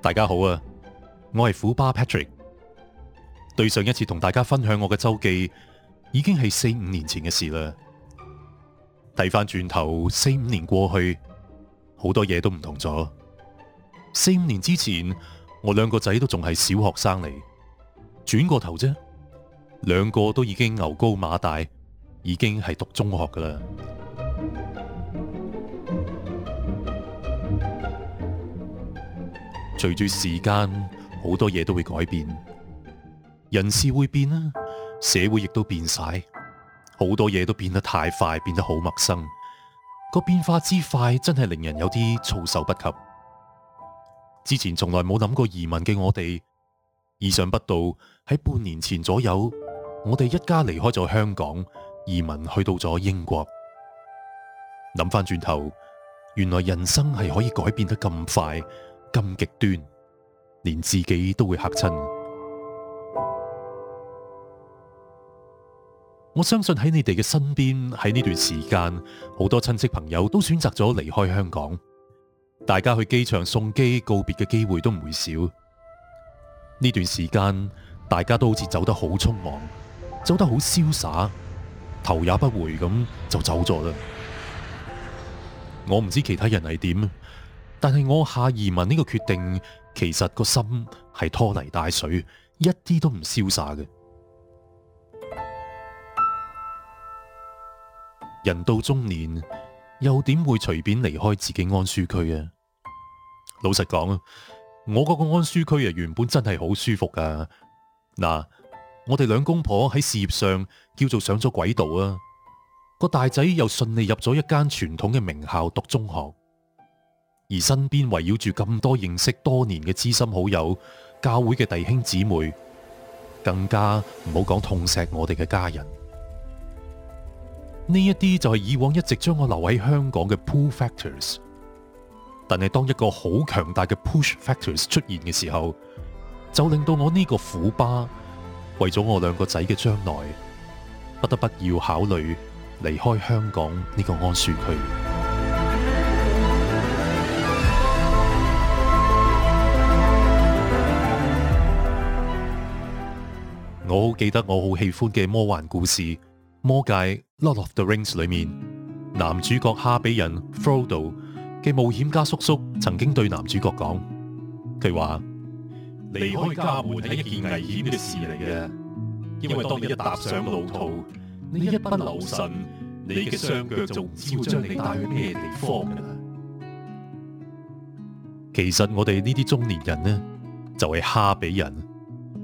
大家好啊，我係虎爸 Patrick。對上一次同大家分享我嘅周記，已經係四五年前嘅事啦。睇翻轉頭，四五年過去，好多嘢都唔同咗。四五年之前，我兩個仔都仲係小學生嚟，轉過頭啫，兩個都已經牛高馬大，已經係讀中學噶啦。隨住時間，好多嘢都會改變，人事會變啦，社會亦都變晒，好多嘢都變得太快，變得好陌生。個變化之快，真係令人有啲措手不及。之前從來冇諗過移民嘅我哋，意想不到喺半年前左右，我哋一家離開咗香港，移民去到咗英國。諗翻轉頭，原來人生係可以改變得咁快。咁極端，連自己都會嚇親。我相信喺你哋嘅身邊，喺呢段時間，好多親戚朋友都選擇咗離開香港。大家去機場送機告別嘅機會都唔會少。呢段時間，大家都好似走得好匆忙，走得好瀟灑，頭也不回咁就走咗啦。我唔知其他人係點。但係我下移民呢個決定，其實個心係拖泥帶水，一啲都唔瀟灑嘅。人到中年，又點會隨便離開自己安舒區啊？老實講啊，我嗰個安舒區啊，原本真係好舒服噶、啊。嗱，我哋兩公婆喺事業上叫做上咗軌道啊，個大仔又順利入咗一間傳統嘅名校讀中學。而身邊圍繞住咁多認識多年嘅知心好友、教會嘅弟兄姊妹，更加唔好講痛錫我哋嘅家人。呢一啲就係以往一直將我留喺香港嘅 pull factors，但係當一個好強大嘅 push factors 出現嘅時候，就令到我呢個苦巴為咗我兩個仔嘅將來，不得不要考慮離開香港呢個安舒區。我好記得我好喜歡嘅魔幻故事《魔戒》《Lord of the Rings》裏面，男主角哈比人 Frodo 嘅冒險家叔叔曾經對男主角講：佢話離開家門係一件危險嘅事嚟嘅，因為當你一踏上路途，你一不留神，你嘅雙腳就唔知會將你帶去咩地方嘅。其實我哋呢啲中年人呢，就係哈比人。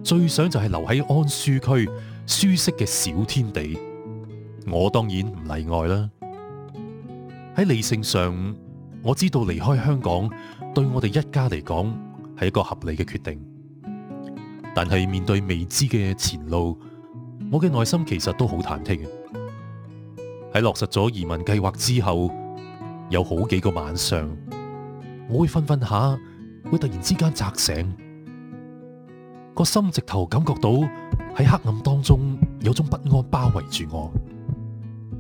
最想就係留喺安舒區舒適嘅小天地，我當然唔例外啦。喺理性上，我知道離開香港對我哋一家嚟講係一個合理嘅決定，但係面對未知嘅前路，我嘅內心其實都好忐忑嘅。喺落實咗移民計劃之後，有好幾個晚上，我會瞓瞓下，會突然之間扎醒。個心直頭感覺到喺黑暗當中有種不安包圍住我。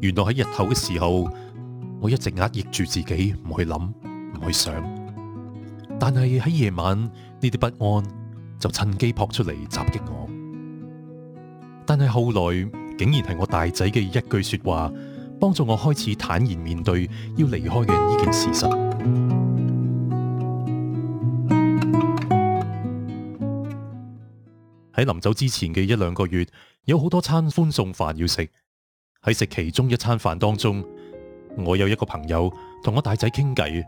原來喺日頭嘅時候，我一直壓抑住自己唔去諗唔去想，但係喺夜晚呢啲不安就趁機撲出嚟襲擊我。但係後來竟然係我大仔嘅一句說話，幫助我開始坦然面對要離開嘅呢件事實。喺臨走之前嘅一兩個月，有好多餐歡送飯要食。喺食其中一餐飯當中，我有一個朋友同我大仔傾偈，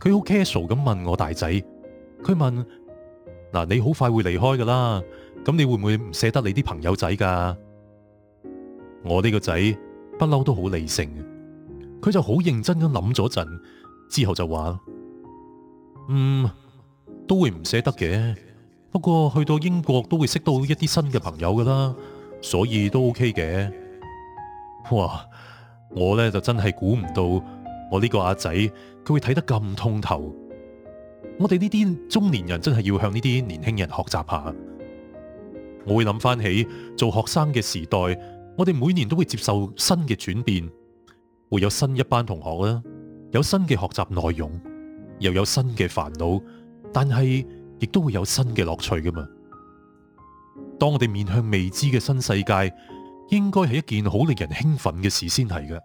佢好 casual 咁問我大仔，佢問：嗱，你好快會離開噶啦，咁你會唔會唔捨得你啲朋友仔噶？我呢個仔不嬲都好理性，佢就好認真咁諗咗陣，之後就話：嗯，都會唔捨得嘅。不過去到英國都會識到一啲新嘅朋友㗎啦，所以都 OK 嘅。哇！我咧就真係估唔到我呢個阿仔佢會睇得咁通透。我哋呢啲中年人真係要向呢啲年輕人學習下。我會諗翻起做學生嘅時代，我哋每年都會接受新嘅轉變，會有新一班同學啦，有新嘅學習內容，又有新嘅煩惱，但係。亦都會有新嘅樂趣噶嘛。當我哋面向未知嘅新世界，應該係一件好令人興奮嘅事先係噶。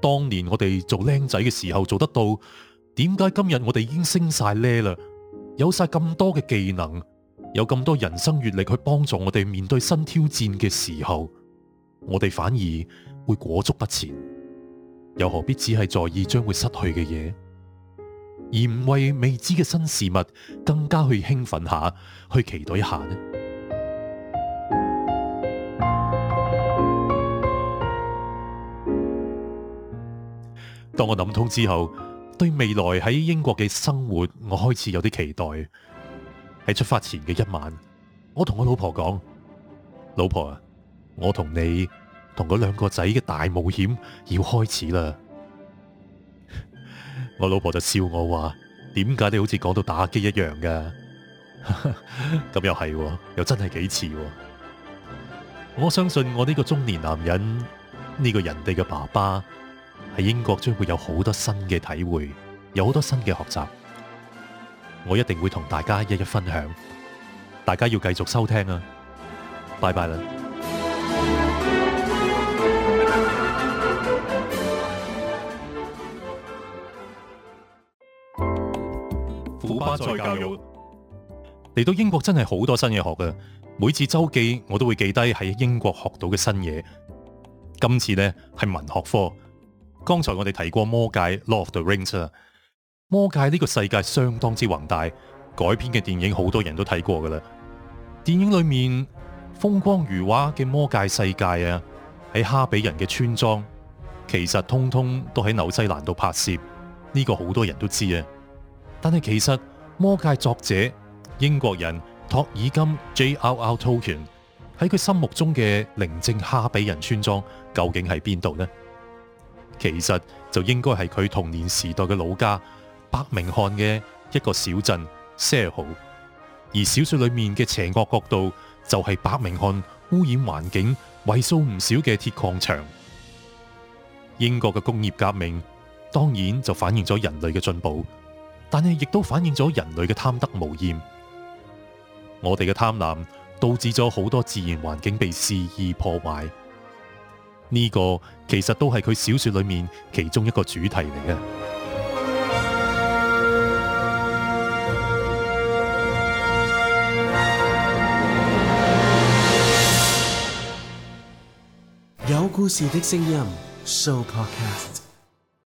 當年我哋做僆仔嘅時候做得到，點解今日我哋已經升晒叻啦？有晒咁多嘅技能，有咁多人生閱歷去幫助我哋面對新挑戰嘅時候，我哋反而會裹足不前。又何必只係在意將會失去嘅嘢，而唔為未知嘅新事物更加去興奮下去期待一下呢？當我諗通之後，對未來喺英國嘅生活，我開始有啲期待。喺出發前嘅一晚，我同我老婆講：老婆啊，我同你同嗰兩個仔嘅大冒險要開始啦！我老婆就笑我話：點解你好似講到打機一樣噶？咁又係，又真係幾似。我相信我呢個中年男人，呢個人哋嘅爸爸喺英國將會有好多新嘅體會，有好多新嘅學習，我一定會同大家一一分享。大家要繼續收聽啊！拜拜啦。教育嚟到英國真係好多新嘢學㗎。每次周記我都會記低喺英國學到嘅新嘢。今次呢係文學科，剛才我哋提過魔戒《Lord of the Rings》啦。魔戒呢個世界相當之宏大，改編嘅電影好多人都睇過噶啦。電影裏面風光如畫嘅魔戒世界啊，喺哈比人嘅村莊，其實通通都喺紐西蘭度拍攝，呢個好多人都知啊。但係其實。魔界作者英國人托爾金 J.R.R. Tolkien，喺佢心目中嘅寧靜哈比人村莊究竟喺邊度呢？其實就應該係佢童年時代嘅老家伯明翰嘅一個小鎮謝豪，而小說裏面嘅邪惡角度就係、是、伯明翰污染環境、為數唔少嘅鐵礦場。英國嘅工業革命當然就反映咗人類嘅進步。但係亦都反映咗人類嘅貪得無厭，我哋嘅貪婪導致咗好多自然環境被肆意破壞，呢個其實都係佢小說裏面其中一個主題嚟嘅。有故事的聲音，So Podcast。